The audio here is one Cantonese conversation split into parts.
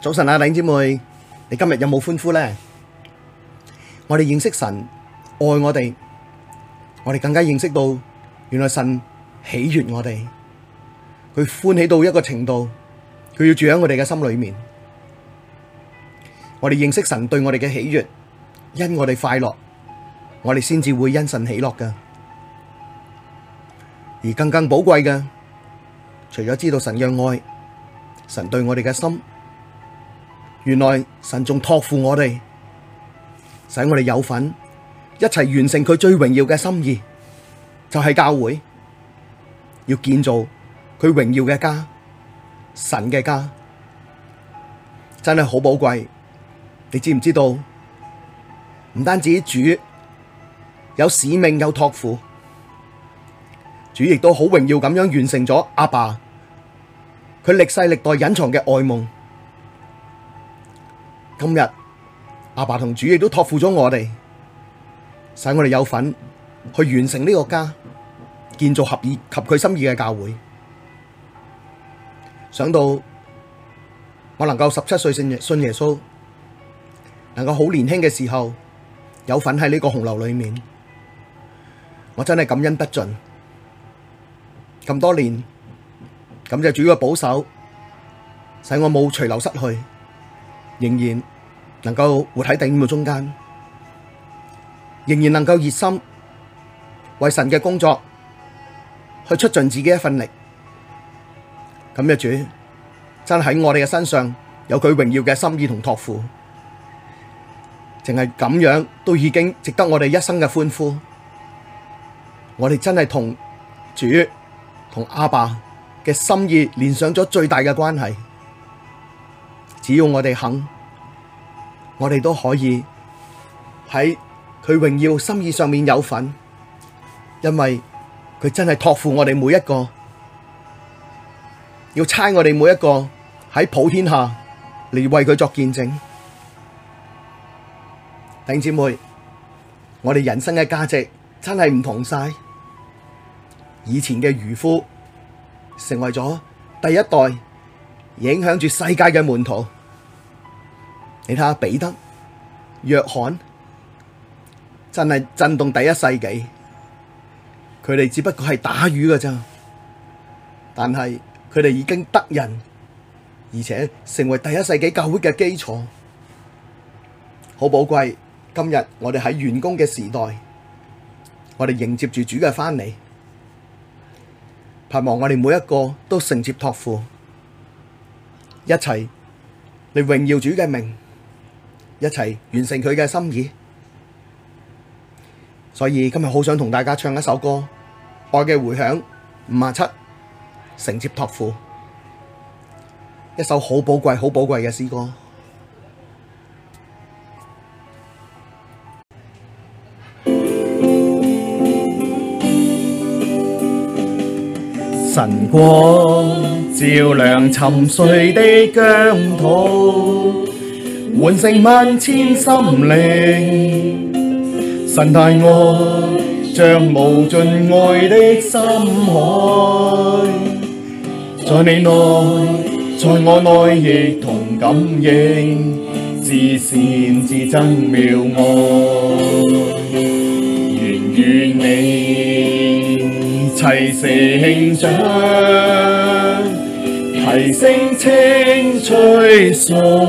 早晨啊，玲姐妹，你今日有冇歡呼咧？我哋認識神愛我哋，我哋更加認識到原來神喜悅我哋，佢歡喜到一個程度，佢要住喺我哋嘅心裏面。我哋認識神對我哋嘅喜悅，因我哋快樂，我哋先至會因神喜樂㗎。而更更寶貴嘅，除咗知道神嘅愛，神對我哋嘅心。原來神仲託付我哋，使我哋有份一齊完成佢最榮耀嘅心意，就係教會要建造佢榮耀嘅家，神嘅家真係好寶貴。你知唔知道？唔單止主有使命有託付，主亦都好榮耀咁樣完成咗阿爸佢歷世歷代隱藏嘅愛夢。今日阿爸同主亦都託付咗我哋，使我哋有份去完成呢個家，建造合意及佢心意嘅教會。想到我能夠十七歲信信耶穌，能夠好年輕嘅時候有份喺呢個洪流裏面，我真係感恩不盡。咁多年，感謝主嘅保守，使我冇隨流失去。仍然能夠活喺第五個中間，仍然能夠熱心為神嘅工作去出盡自己一份力。咁嘅主真喺我哋嘅身上有佢榮耀嘅心意同託付，淨係咁樣都已經值得我哋一生嘅歡呼。我哋真係同主同阿爸嘅心意連上咗最大嘅關係。只要我哋肯，我哋都可以喺佢榮耀心意上面有份，因為佢真係託付我哋每一個，要差我哋每一個喺普天下嚟為佢作見證。弟兄姊妹，我哋人生嘅價值真係唔同晒，以前嘅漁夫成為咗第一代影響住世界嘅門徒。你睇下彼得、約翰，真係震動第一世紀。佢哋只不過係打魚㗎咋，但係佢哋已經得人，而且成為第一世紀教會嘅基礎，好寶貴。今日我哋喺員工嘅時代，我哋迎接住主嘅翻嚟，盼望我哋每一個都承接託付，一切嚟榮耀主嘅名。一齊完成佢嘅心意，所以今日好想同大家唱一首歌《愛嘅回響》五啊七，承接託付，一首好寶貴、好寶貴嘅詩歌。晨光照亮沉睡的疆土。喚醒萬千心靈，神大愛像無盡愛的深海，在你內，在我內亦同感應，至善至真妙愛，願與你齊成長，啼聲清脆送。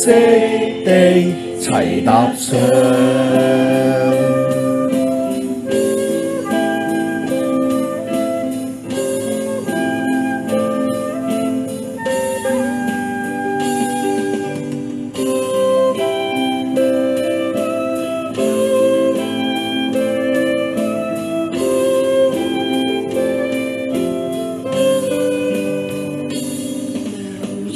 息地齊踏上。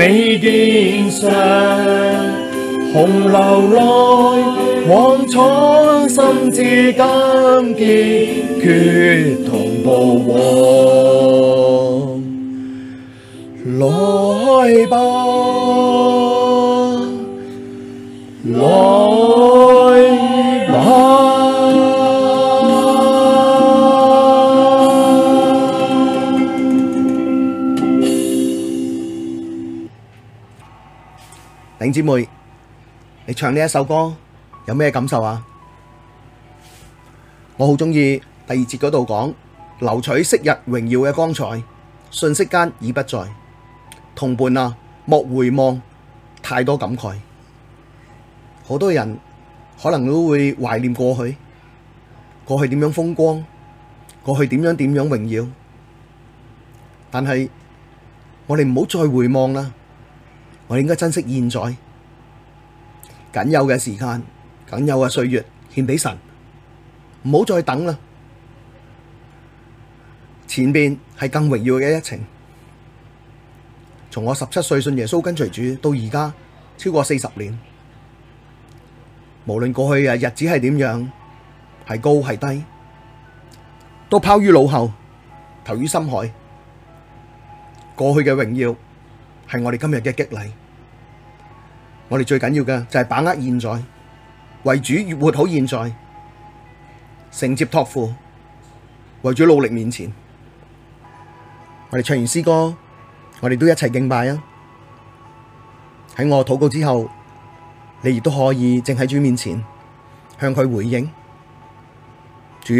未見上，洪流內，往闖心志更堅決，同步往，來吧。姐妹，你唱呢一首歌有咩感受啊？我好中意第二節嗰度講，留取昔日榮耀嘅光彩，瞬息間已不再。同伴啊，莫回望，太多感慨。好多人可能都會懷念過去，過去點樣風光，過去點樣點樣榮耀。但係我哋唔好再回望啦。我應該珍惜現在，僅有嘅時間，僅有嘅歲月獻俾神，唔好再等啦。前邊係更榮耀嘅一程。從我十七歲信耶穌跟隨主到而家，超過四十年，無論過去嘅日子係點樣，係高係低，都拋於腦後，投於深海。過去嘅榮耀係我哋今日嘅激勵，我哋最緊要嘅就係把握現在，為主活好現在，承接託付，為主努力面前。我哋唱完詩歌，我哋都一齊敬拜啊！喺我禱告之後，你亦都可以正喺主面前向佢回應。主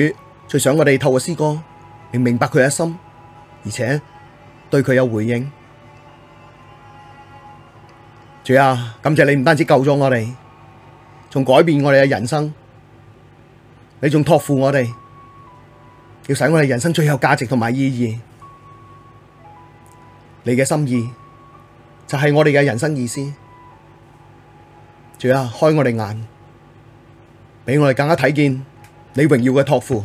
最想我哋透過詩歌，明明白佢嘅心，而且對佢有回應。主啊！感謝你唔單止救咗我哋，仲改變我哋嘅人生，你仲托付我哋，要使我哋人生最有價值同埋意義。你嘅心意就係我哋嘅人生意思。主啊！開我哋眼，俾我哋更加睇見你榮耀嘅托付。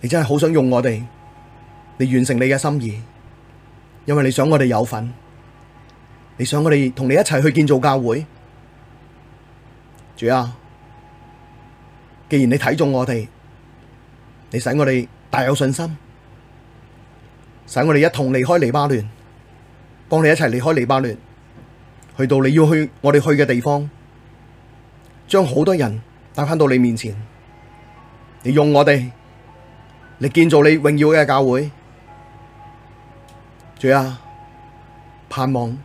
你真係好想用我哋，嚟完成你嘅心意，因為你想我哋有份。你想我哋同你一齊去建造教會，主啊！既然你睇中我哋，你使我哋大有信心，使我哋一同離開黎巴嫩，幫你一齊離開黎巴嫩，去到你要去我哋去嘅地方，將好多人帶翻到你面前，你用我哋，你建造你榮耀嘅教會，主啊！盼望。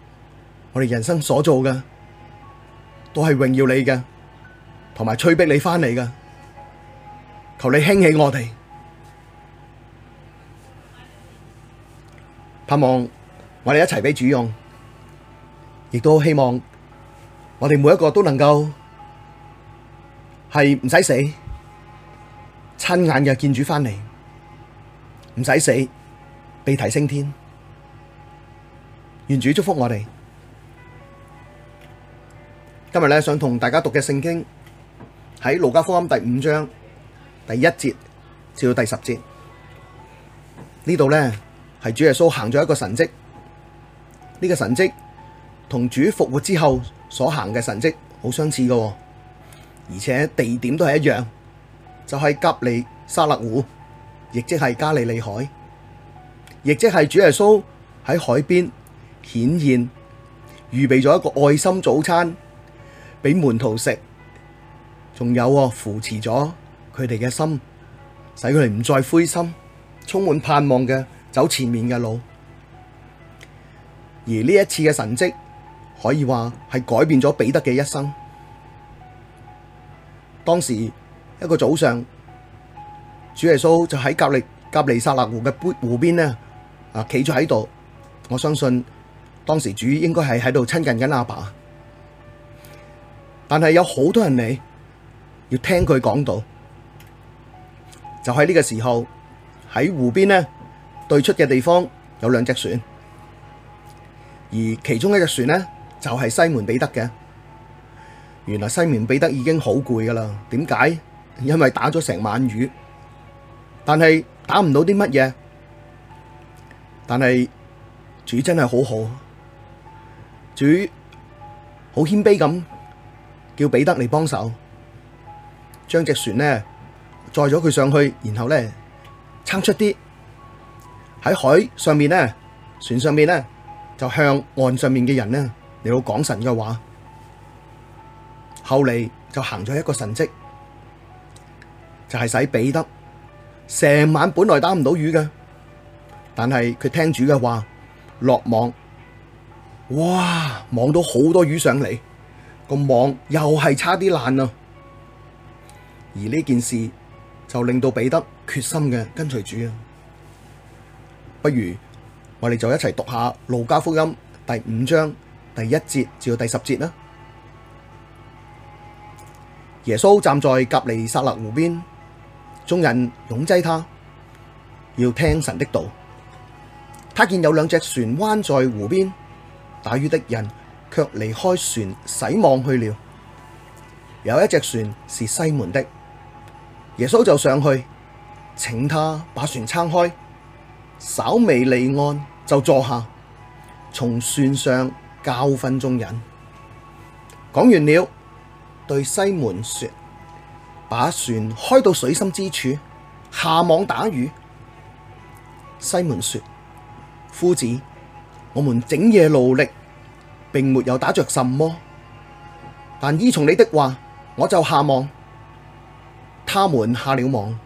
我哋人生所做嘅，都係榮耀你嘅，同埋催逼你翻嚟嘅。求你興起我哋，盼望我哋一齊俾主用，亦都希望我哋每一個都能夠係唔使死，親眼嘅見主翻嚟，唔使死，被提升天。願主祝福我哋。今日咧想同大家讀嘅聖經喺路加福音第五章第一節至到第十節，呢度呢係主耶穌行咗一個神蹟，呢個神蹟同主復活之後所行嘅神蹟好相似噶，而且地點都係一樣，就係革尼撒勒湖，亦即係加利利海，亦即係主耶穌喺海邊顯現，預備咗一個愛心早餐。俾門徒食，仲有扶持咗佢哋嘅心，使佢哋唔再灰心，充滿盼望嘅走前面嘅路。而呢一次嘅神蹟，可以話係改變咗彼得嘅一生。當時一個早上，主耶穌就喺革尼革尼撒勒的湖嘅湖邊咧，啊企咗喺度。我相信當時主應該係喺度親近緊阿爸，爸。但係有好多人嚟，要聽佢講到，就喺呢個時候，喺湖邊呢對出嘅地方有兩隻船，而其中一隻船呢，就係西門彼得嘅。原來西門彼得已經好攰噶啦，點解？因為打咗成晚魚，但係打唔到啲乜嘢。但係主真係好好，主好謙卑咁。叫彼得嚟幫手，將隻船呢載咗佢上去，然後呢撐出啲喺海上面呢，船上面呢就向岸上面嘅人呢嚟到講神嘅話。後嚟就行咗一個神迹，就係使彼得成晚本來打唔到魚嘅，但係佢聽住嘅話落網，哇，網到好多魚上嚟。個網又係差啲爛啊，而呢件事就令到彼得決心嘅跟隨主啊！不如我哋就一齊讀下路加福音第五章第一節至到第十節啦。耶穌站在革尼撒勒湖邊，眾人擁擠他，要聽神的道。他見有兩隻船灣在湖邊，打魚的人。卻離開船洗網去了。有一隻船是西門的，耶穌就上去，請他把船撐開，稍微離岸，就坐下，從船上教訓眾人。講完了，對西門說：把船開到水深之處，下網打魚。西門說：夫子，我們整夜勞力。並沒有打着什麼，但依從你的話，我就下網。他們下了網，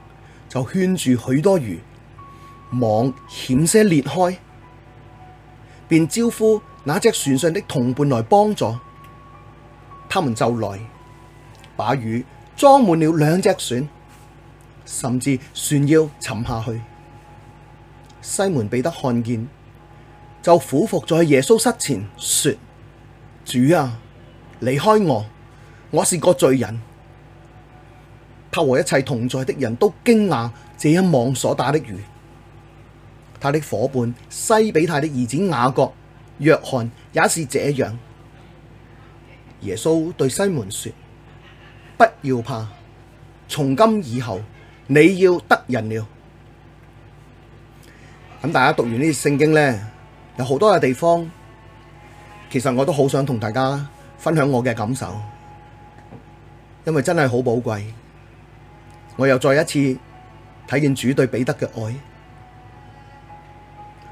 就圈住許多魚，網險些裂開，便招呼那隻船上的同伴來幫助。他們就來，把魚裝滿了兩隻船，甚至船要沉下去。西門彼得看見，就俯伏在耶穌膝前說。主啊！離開我，我是個罪人！他和一切同在的人都驚訝這一網所打的魚。他的夥伴西庇太的兒子雅各、約翰也是這樣。耶穌對西門說：不要怕，從今以後，你要得人了。咁大家讀完呢聖經呢，有好多嘅地方，其實我都好想同大家分享我嘅感受，因為真係好寶貴。我又再一次睇見主對彼得嘅愛，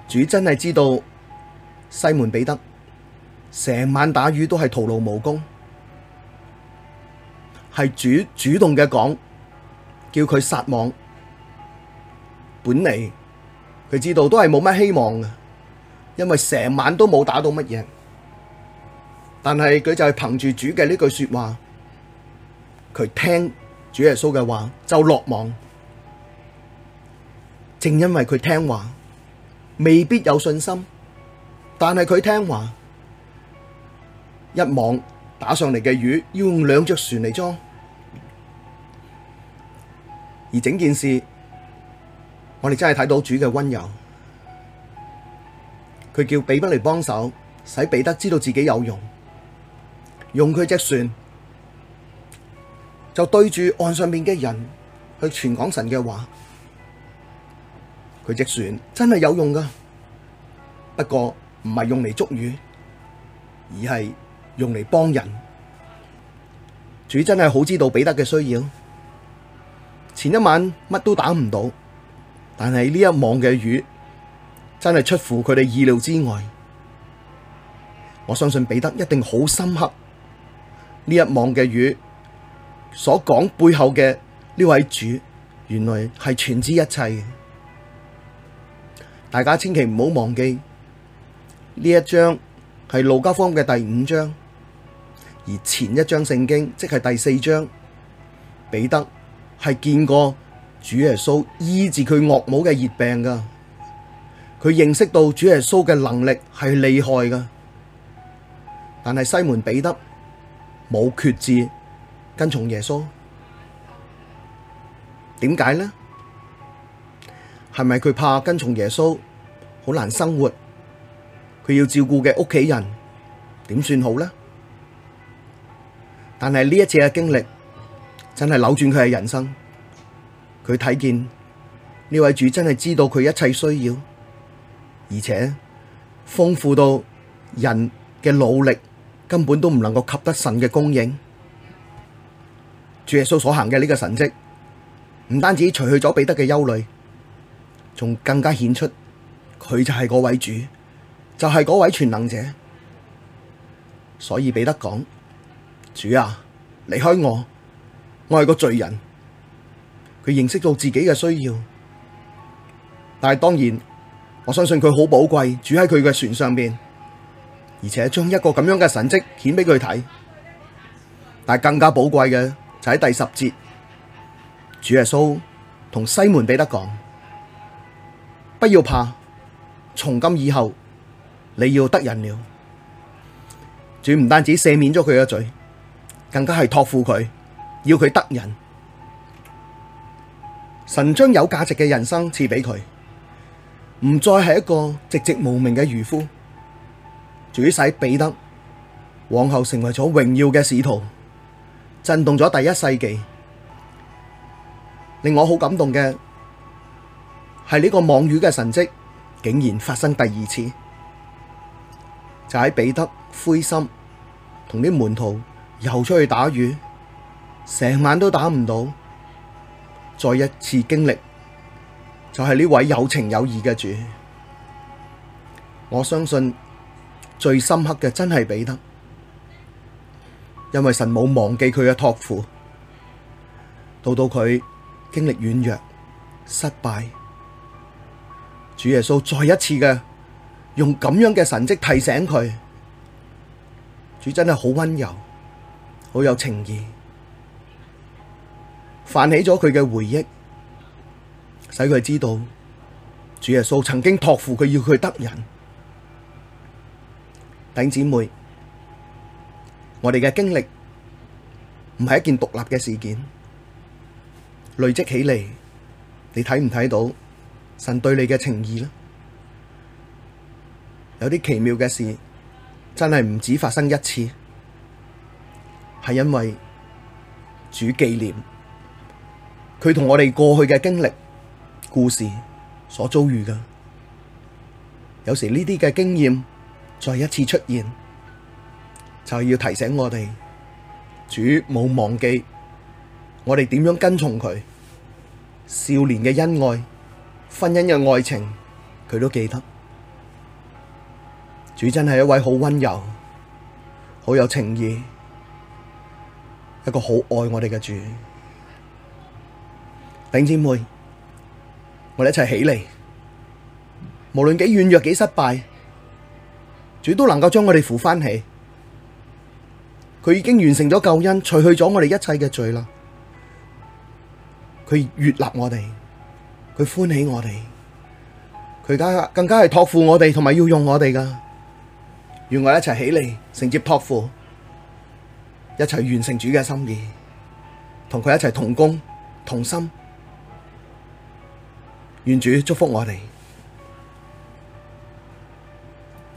主真係知道西門彼得成晚打魚都係徒勞無功，係主主動嘅講叫佢撒網，本嚟佢知道都係冇乜希望嘅，因為成晚都冇打到乜嘢。但係佢就係憑住主嘅呢句說話，佢聽主耶穌嘅話就落網，正因為佢聽話，未必有信心，但係佢聽話，一網打上嚟嘅魚要用兩隻船嚟裝，而整件事我哋真係睇到主嘅溫柔，佢叫彼得嚟幫手，使彼得知道自己有用。用佢隻船就對住岸上面嘅人去傳講神嘅話，佢隻船真係有用噶，不過唔係用嚟捉魚，而係用嚟幫人。主真係好知道彼得嘅需要。前一晚乜都打唔到，但係呢一網嘅魚真係出乎佢哋意料之外。我相信彼得一定好深刻。呢一網嘅魚所講背後嘅呢位主，原來係全知一切嘅。大家千祈唔好忘記呢一章係路加方嘅第五章，而前一章聖經即係第四章，彼得係見過主耶穌醫治佢岳母嘅熱病噶，佢認識到主耶穌嘅能力係厲害噶，但係西門彼得。冇決志跟從耶穌，點解呢？係咪佢怕跟從耶穌好難生活？佢要照顧嘅屋企人點算好呢？但係呢一次嘅經歷真係扭轉佢嘅人生，佢睇見呢位主真係知道佢一切需要，而且豐富到人嘅努力。根本都唔能夠及得神嘅供應，主耶穌所行嘅呢個神迹，唔單止除去咗彼得嘅憂慮，仲更加顯出佢就係嗰位主，就係嗰位全能者。所以彼得講：主啊，離開我，我係個罪人。佢認識到自己嘅需要，但係當然，我相信佢好寶貴，主喺佢嘅船上邊。而且將一個咁樣嘅神蹟顯俾佢睇，但係更加寶貴嘅就喺第十節，主耶穌同西門彼得講：不要怕，從今以後，你要得人了。主唔單止赦免咗佢嘅罪，更加係託付佢，要佢得人。神將有價值嘅人生賜俾佢，唔再係一個寂寂無名嘅漁夫。主使彼得往後成為咗榮耀嘅使徒，震動咗第一世紀。令我好感動嘅係呢個網魚嘅神蹟，竟然發生第二次。就喺彼得灰心，同啲門徒又出去打魚，成晚都打唔到。再一次經歷，就係呢位有情有義嘅主。我相信。最深刻嘅真係彼得，因為神冇忘記佢嘅託付，到到佢經歷軟弱、失敗，主耶穌再一次嘅用咁樣嘅神跡提醒佢，主真係好溫柔，好有情義，泛起咗佢嘅回憶，使佢知道主耶穌曾經託付佢要佢得人。頂姊妹，我哋嘅經歷唔係一件獨立嘅事件，累積起嚟，你睇唔睇到神對你嘅情意呢？有啲奇妙嘅事，真係唔止發生一次，係因為主紀念佢同我哋過去嘅經歷、故事所遭遇噶，有時呢啲嘅經驗。再一次出現，就是要提醒我哋，主冇忘記我哋點樣跟從佢。少年嘅恩愛，婚姻嘅愛情，佢都記得。主真係一位好溫柔、好有情意、一個好愛我哋嘅主。弟兄姊妹，我哋一齊起嚟，無論幾軟弱、幾失敗。主都能夠將我哋扶翻起佢已經完成咗救恩，除去咗我哋一切嘅罪啦。佢悅納我哋，佢歡喜我哋，佢而家更加係托付我哋，同埋要用我哋噶。願我一齊起嚟承接托付，一齊完成主嘅心意，同佢一齊同工同心。願主祝福我哋。